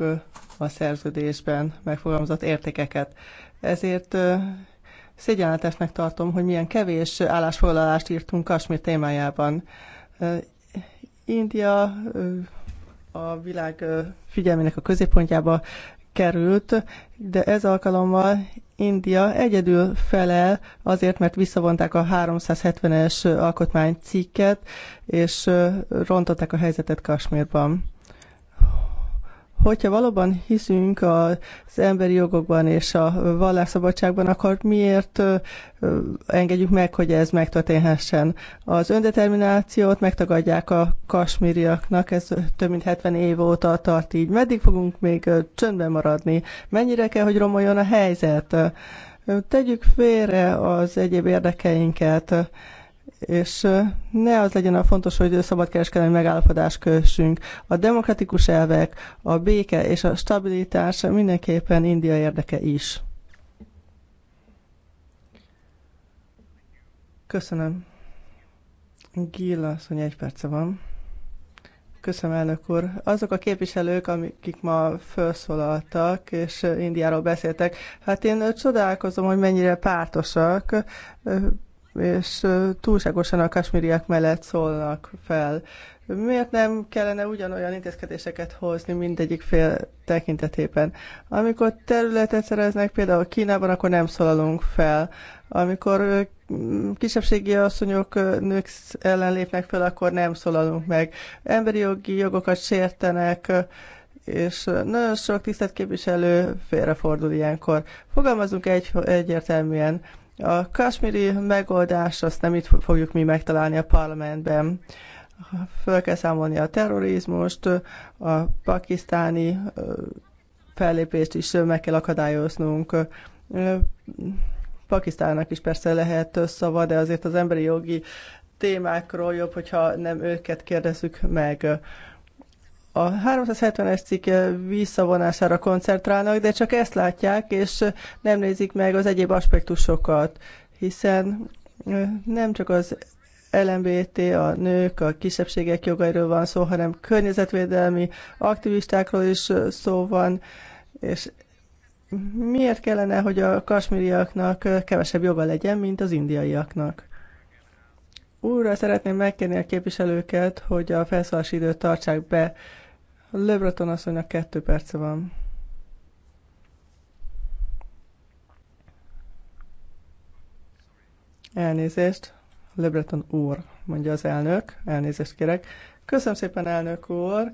a szerződésben megfogalmazott értékeket. Ezért szégyenletesnek tartom, hogy milyen kevés állásfoglalást írtunk Kasmir témájában. India a világ figyelmének a középpontjába került, de ez alkalommal India egyedül felel azért, mert visszavonták a 370-es alkotmánycikket, és rontották a helyzetet Kasmírban. Hogyha valóban hiszünk az emberi jogokban és a vallásszabadságban, akkor miért engedjük meg, hogy ez megtörténhessen? Az öndeterminációt megtagadják a kasmíriaknak, ez több mint 70 év óta tart így. Meddig fogunk még csöndben maradni? Mennyire kell, hogy romoljon a helyzet? Tegyük félre az egyéb érdekeinket és ne az legyen a fontos, hogy szabadkereskedelmi megállapodást kössünk. A demokratikus elvek, a béke és a stabilitás mindenképpen India érdeke is. Köszönöm. Gilla, asszony, egy perce van. Köszönöm, elnök úr. Azok a képviselők, akik ma felszólaltak és Indiáról beszéltek, hát én csodálkozom, hogy mennyire pártosak és túlságosan a kasmíriak mellett szólnak fel. Miért nem kellene ugyanolyan intézkedéseket hozni mindegyik fél tekintetében? Amikor területet szereznek, például Kínában, akkor nem szólalunk fel. Amikor kisebbségi asszonyok nők ellen lépnek fel, akkor nem szólalunk meg. Emberi jogi jogokat sértenek, és nagyon sok tisztelt képviselő félrefordul ilyenkor. Fogalmazunk egy, egyértelműen a kasmiri megoldást azt nem itt fogjuk mi megtalálni a parlamentben. Föl kell számolni a terrorizmust, a pakisztáni fellépést is meg kell akadályoznunk. Pakisztánnak is persze lehet szava, de azért az emberi jogi témákról jobb, hogyha nem őket kérdezzük meg a 370-es cikke eh, visszavonására koncentrálnak, de csak ezt látják, és eh, nem nézik meg az egyéb aspektusokat, hiszen eh, nem csak az LMBT, a nők, a kisebbségek jogairól van szó, hanem környezetvédelmi aktivistákról is szó van, és miért kellene, hogy a kasmiriaknak kevesebb joga legyen, mint az indiaiaknak? újra szeretném megkérni a képviselőket, hogy a felszólási időt tartsák be. Lebreton asszonynak kettő perce van. Elnézést, Lebreton úr, mondja az elnök. Elnézést kérek. Köszönöm szépen, elnök úr.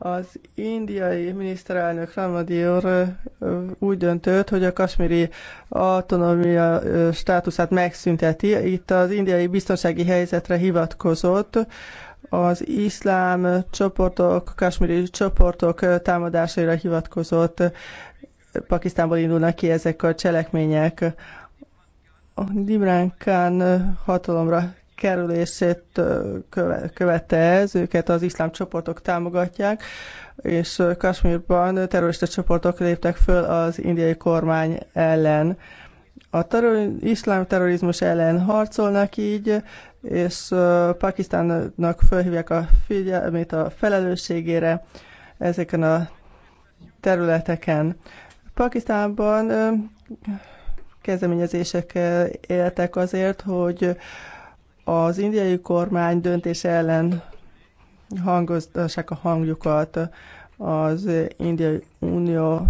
Az indiai miniszterelnök Ramadi úr úgy döntött, hogy a kasmiri autonómia státuszát megszünteti. Itt az indiai biztonsági helyzetre hivatkozott, az iszlám csoportok, kasmiri csoportok támadásaira hivatkozott. Pakisztánból indulnak ki ezek a cselekmények. Nimrán Khan hatalomra kerülését követte ez, őket az iszlám csoportok támogatják, és Kasmírban terrorista csoportok léptek föl az indiai kormány ellen. A terror, iszlám terrorizmus ellen harcolnak így, és Pakisztánnak fölhívják a figyelmét a felelősségére ezeken a területeken. Pakisztánban kezdeményezések éltek azért, hogy az indiai kormány döntés ellen hangoztassák a hangjukat. Az Indiai Unió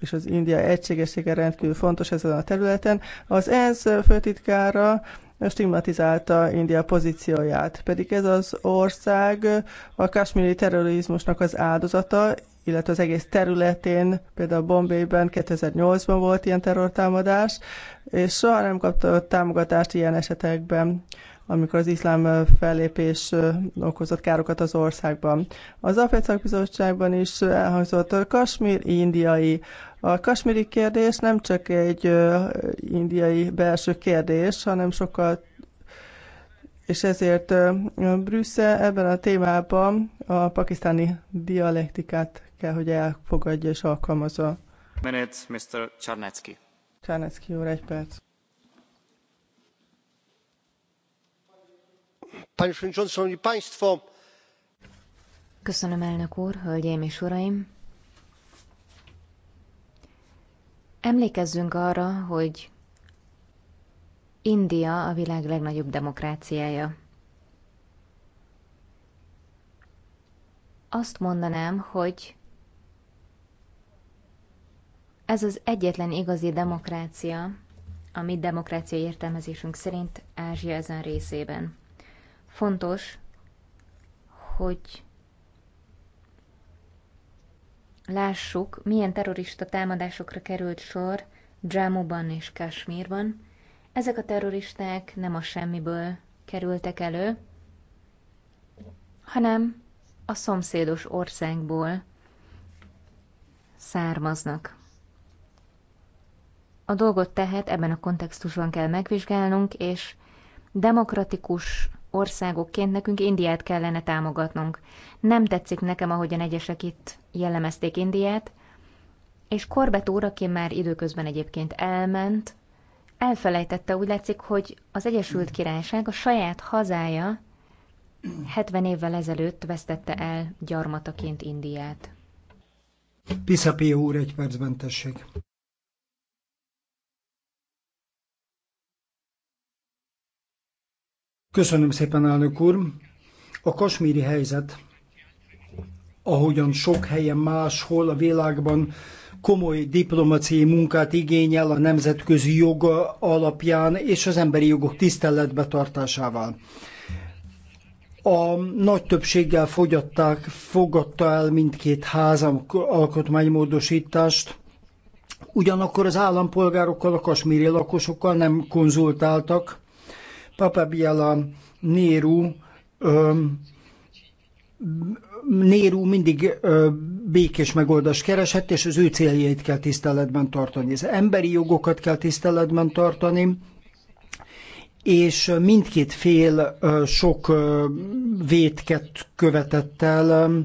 és az India egységessége rendkívül fontos ezen a területen. Az ENSZ főtitkára stigmatizálta India pozícióját, pedig ez az ország a kasmiri terrorizmusnak az áldozata, illetve az egész területén, például Bombayben 2008-ban volt ilyen terrortámadás, és soha nem kapta támogatást ilyen esetekben amikor az iszlám fellépés okozott károkat az országban. Az AFED Bizottságban is elhangzott a kasmír indiai. A kasmiri kérdés nem csak egy indiai belső kérdés, hanem sokkal és ezért Brüsszel ebben a témában a pakisztáni dialektikát kell, hogy elfogadja és alkalmazza. Minutes, Mr. Czarnecki. Czarnecki úr, egy perc. panie przewodniczący! szanowni państwo! köszönöm elnök úr hölgyeim és uraim! emlékezzünk arra hogy india a világ legnagyobb demokráciája. Azt mondanám, hogy ez az egyetlen igazi demokrácia, a mi demokrácia értelmezésünk szerint Ázsia ezen részében. Fontos, hogy lássuk, milyen terrorista támadásokra került sor Dzsámuban és Kasmírban. Ezek a terroristák nem a semmiből kerültek elő, hanem a szomszédos országból származnak. A dolgot tehát ebben a kontextusban kell megvizsgálnunk, és demokratikus országokként nekünk Indiát kellene támogatnunk. Nem tetszik nekem, ahogyan egyesek itt jellemezték Indiát, és Korbet úr, aki már időközben egyébként elment, elfelejtette, úgy látszik, hogy az Egyesült Királyság a saját hazája 70 évvel ezelőtt vesztette el gyarmataként Indiát. Piszapió úr, egy percben tessék. Köszönöm szépen, elnök úr. A kasmíri helyzet, ahogyan sok helyen máshol a világban komoly diplomáciai munkát igényel a nemzetközi jog alapján és az emberi jogok tiszteletbe tartásával. A nagy többséggel fogyatták, fogadta el mindkét ház alkotmánymódosítást, ugyanakkor az állampolgárokkal, a kasmíri lakosokkal nem konzultáltak, Papabiala Néru Néru mindig ö, békés megoldást keresett, és az ő céljait kell tiszteletben tartani. Az emberi jogokat kell tiszteletben tartani, és mindkét fél ö, sok ö, vétket követett el. Ö,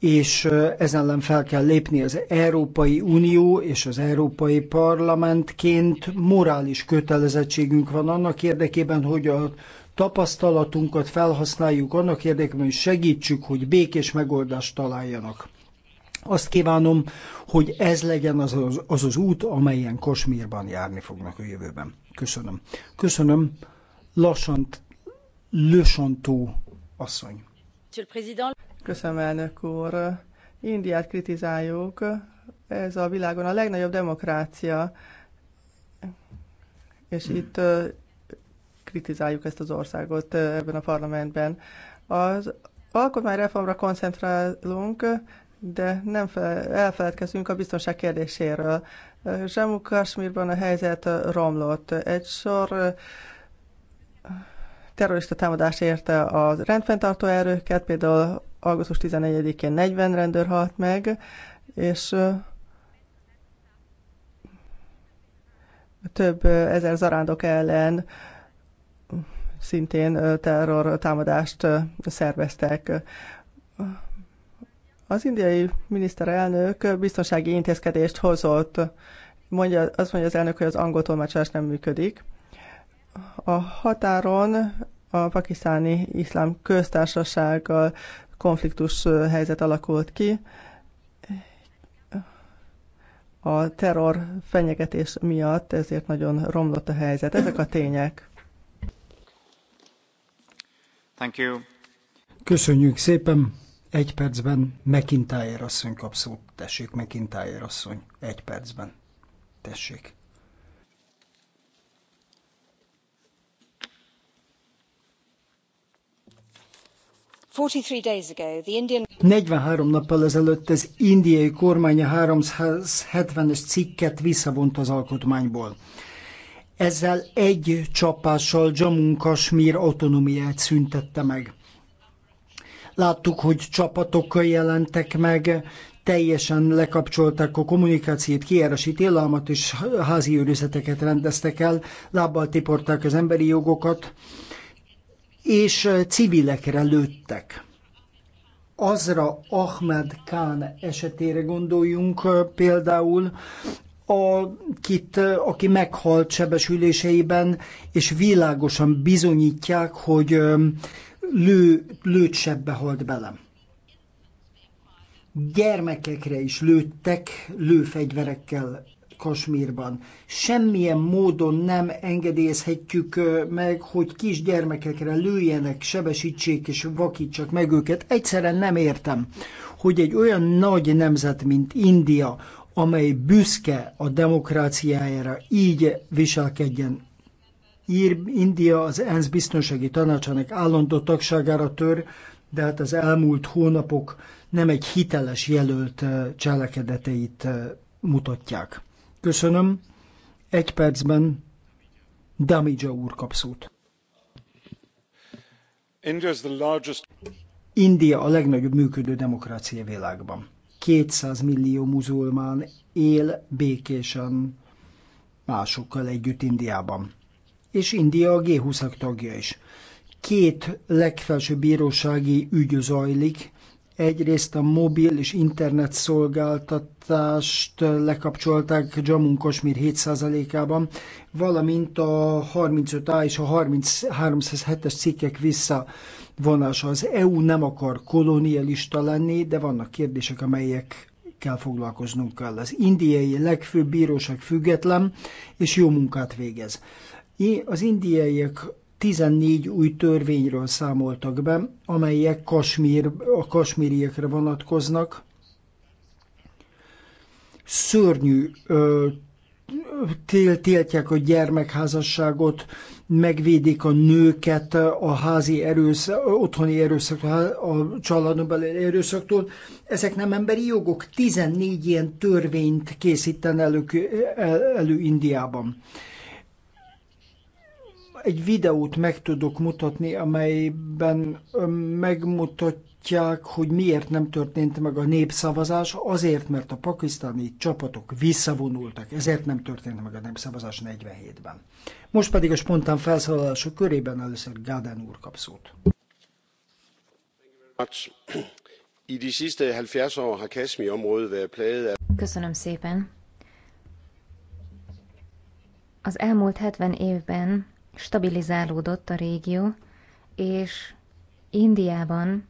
és ez ellen fel kell lépni az Európai Unió és az Európai Parlamentként morális kötelezettségünk van annak érdekében, hogy a tapasztalatunkat felhasználjuk annak érdekében, hogy segítsük, hogy békés megoldást találjanak. Azt kívánom, hogy ez legyen az az, az, az út, amelyen Kosmírban járni fognak a jövőben. Köszönöm. Köszönöm. Lassant, Lösantó asszony. Köszönöm, elnök úr. Indiát kritizáljuk. Ez a világon a legnagyobb demokrácia, és itt kritizáljuk ezt az országot ebben a parlamentben. Az alkotmányreformra koncentrálunk, de nem elfeledkezünk a biztonság kérdéséről. Zsamu Kasmírban a helyzet romlott. Egy sor terrorista támadás érte a rendfenntartó erőket, például augusztus 14-én 40 rendőr halt meg, és több ezer zarándok ellen szintén terror támadást szerveztek. Az indiai miniszterelnök biztonsági intézkedést hozott. Mondja, azt mondja az elnök, hogy az angol tolmácsás nem működik. A határon a pakisztáni iszlám köztársasággal konfliktus helyzet alakult ki. A terror fenyegetés miatt ezért nagyon romlott a helyzet. Ezek a tények. Thank you. Köszönjük szépen. Egy percben McIntyre asszony kapszó. Tessék, McIntyre asszony. Egy percben. Tessék. 43 nappal ezelőtt az indiai kormány a 370-es cikket visszavont az alkotmányból. Ezzel egy csapással Jammu Kashmir autonómiát szüntette meg. Láttuk, hogy csapatok jelentek meg, teljesen lekapcsolták a kommunikációt, kiárási tilalmat és házi őrizeteket rendeztek el, lábbal tiporták az emberi jogokat, és civilekre lőttek. Azra Ahmed Khan esetére gondoljunk például, akit, aki meghalt sebesüléseiben, és világosan bizonyítják, hogy lő, lőtt sebbe halt bele. Gyermekekre is lőttek lőfegyverekkel Kasmírban. Semmilyen módon nem engedélyezhetjük meg, hogy kisgyermekekre lőjenek, sebesítsék és vakítsak meg őket. Egyszerűen nem értem, hogy egy olyan nagy nemzet, mint India, amely büszke a demokráciájára, így viselkedjen. Ír India az ENSZ biztonsági tanácsának állandó tagságára tör, de hát az elmúlt hónapok nem egy hiteles jelölt cselekedeteit mutatják. Köszönöm. Egy percben Damija úr kap szót. India a legnagyobb működő demokrácia világban. 200 millió muzulmán él békésen másokkal együtt Indiában. És India a G20-ak tagja is. Két legfelsőbb bírósági ügy zajlik, Egyrészt a mobil és internet szolgáltatást lekapcsolták Jamun Kosmir 7%-ában, valamint a 35A és a 337 es cikkek visszavonása. Az EU nem akar kolonialista lenni, de vannak kérdések, amelyek kell foglalkoznunk kell. Az indiai legfőbb bíróság független és jó munkát végez. Az indiaiak 14 új törvényről számoltak be, amelyek Kasmír, a kasmíriekre vonatkoznak. Szörnyű ö, tiltják a gyermekházasságot, megvédik a nőket a házi erőszak, otthoni erőszak, a családon belüli erőszaktól. Ezek nem emberi jogok. 14 ilyen törvényt készíten elő, elő Indiában egy videót meg tudok mutatni, amelyben megmutatják, hogy miért nem történt meg a népszavazás, azért, mert a pakisztáni csapatok visszavonultak, ezért nem történt meg a népszavazás 47-ben. Most pedig a spontán felszólalások körében először Gáden úr kap szót. Köszönöm szépen. Az elmúlt 70 évben stabilizálódott a régió, és Indiában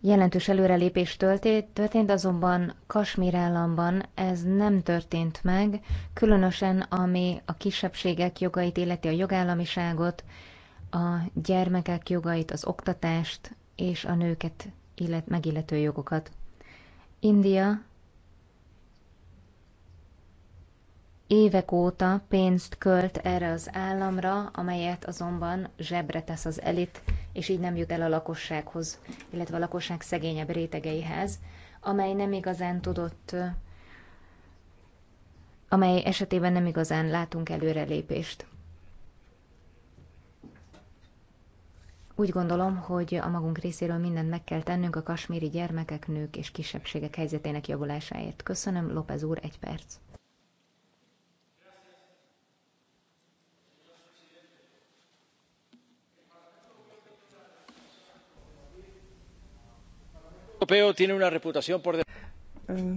jelentős előrelépés történt, azonban Kasmír államban ez nem történt meg, különösen ami a kisebbségek jogait illeti a jogállamiságot, a gyermekek jogait, az oktatást és a nőket illet, megillető jogokat. India évek óta pénzt költ erre az államra, amelyet azonban zsebre tesz az elit, és így nem jut el a lakossághoz, illetve a lakosság szegényebb rétegeihez, amely nem igazán tudott, amely esetében nem igazán látunk előrelépést. Úgy gondolom, hogy a magunk részéről mindent meg kell tennünk a kasmíri gyermekek, nők és kisebbségek helyzetének javulásáért. Köszönöm, López úr, egy perc.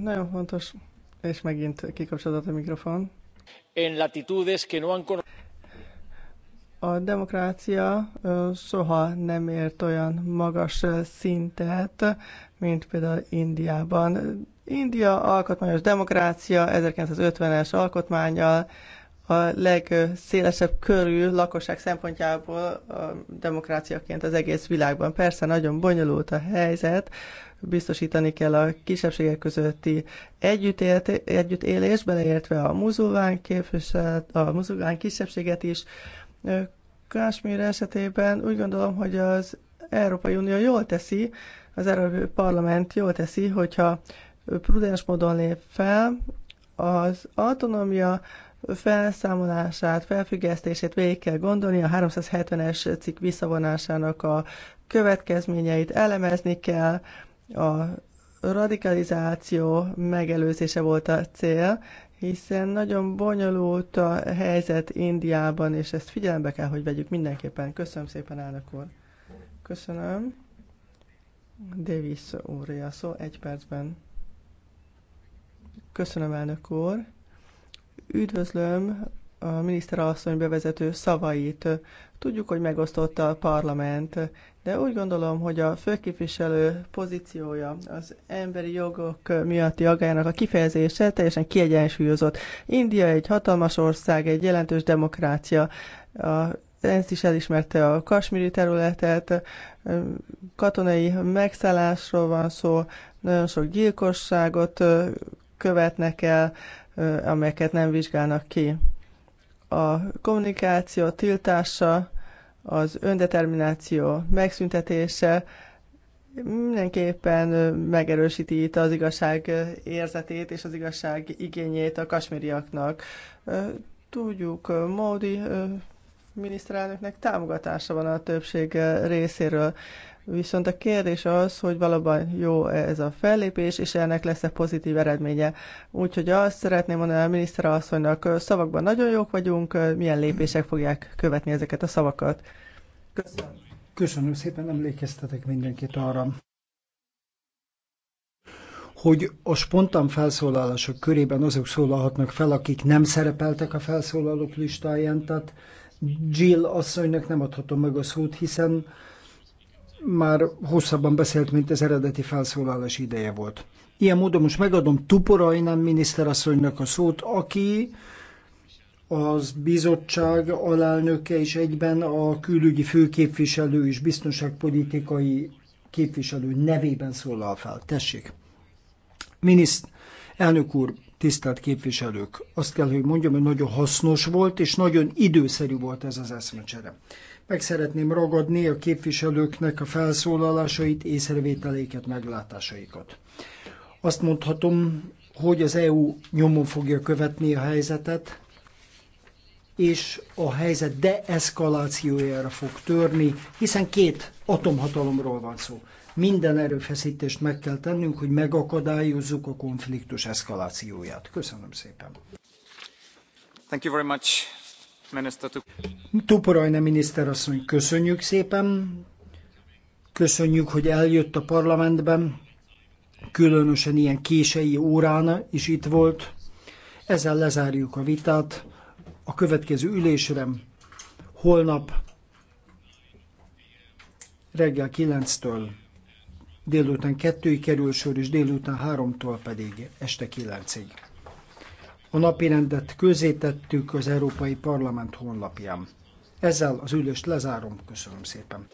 Nagyon fontos, és megint kikapcsolódott a mikrofon. En a demokrácia soha nem ért olyan magas szintet, mint például Indiában. India alkotmányos demokrácia, 1950-es alkotmányjal, a legszélesebb körű lakosság szempontjából a demokráciaként az egész világban. Persze nagyon bonyolult a helyzet, biztosítani kell a kisebbségek közötti együttélt, együttélés, beleértve a muzulmán képviselet, a muzulmán kisebbséget is. Kásmér esetében úgy gondolom, hogy az Európai Unió jól teszi, az Európai Parlament jól teszi, hogyha prudens módon lép fel, az autonómia felszámolását, felfüggesztését végig kell gondolni, a 370-es cikk visszavonásának a következményeit elemezni kell, a radikalizáció megelőzése volt a cél, hiszen nagyon bonyolult a helyzet Indiában, és ezt figyelembe kell, hogy vegyük mindenképpen. Köszönöm szépen, elnök úr. Köszönöm. Davis úr, szó egy percben. Köszönöm, elnök úr. Üdvözlöm a miniszterasszony bevezető szavait. Tudjuk, hogy megosztotta a parlament, de úgy gondolom, hogy a főképviselő pozíciója az emberi jogok miatti agályának a kifejezése teljesen kiegyensúlyozott. India egy hatalmas ország, egy jelentős demokrácia. A ezt is elismerte a kasmiri területet, katonai megszállásról van szó, nagyon sok gyilkosságot követnek el, amelyeket nem vizsgálnak ki a kommunikáció tiltása, az öndetermináció megszüntetése mindenképpen megerősíti itt az igazság érzetét és az igazság igényét a kasmériaknak. Tudjuk, Módi miniszterelnöknek támogatása van a többség részéről. Viszont a kérdés az, hogy valóban jó -e ez a fellépés, és ennek lesz-e pozitív eredménye. Úgyhogy azt szeretném mondani a miniszter asszonynak, szavakban nagyon jók vagyunk, milyen lépések fogják követni ezeket a szavakat. Köszönöm. Köszönöm szépen, emlékeztetek mindenkit arra, hogy a spontán felszólalások körében azok szólalhatnak fel, akik nem szerepeltek a felszólalók listáján, tehát Jill asszonynak nem adhatom meg a szót, hiszen már hosszabban beszélt, mint az eredeti felszólalás ideje volt. Ilyen módon most megadom Tuporainen miniszterasszonynak a szót, aki az bizottság alelnöke és egyben a külügyi főképviselő és biztonságpolitikai képviselő nevében szólal fel. Tessék! Miniszt, elnök úr, tisztelt képviselők, azt kell, hogy mondjam, hogy nagyon hasznos volt, és nagyon időszerű volt ez az eszmecsere. Meg szeretném ragadni a képviselőknek a felszólalásait, észrevételéket, meglátásaikat. Azt mondhatom, hogy az EU nyomon fogja követni a helyzetet, és a helyzet deeszkalációjára fog törni, hiszen két atomhatalomról van szó. Minden erőfeszítést meg kell tennünk, hogy megakadályozzuk a konfliktus eszkalációját. Köszönöm szépen. Thank you very much. Tuporajna miniszterasszony, köszönjük szépen. Köszönjük, hogy eljött a parlamentben, különösen ilyen kései órán is itt volt. Ezzel lezárjuk a vitát. A következő ülésre holnap reggel 9-től délután 2-ig kerül sor, és délután 3-tól pedig este 9-ig. A napirendet közzétettük az Európai Parlament honlapján. Ezzel az ülést lezárom. Köszönöm szépen.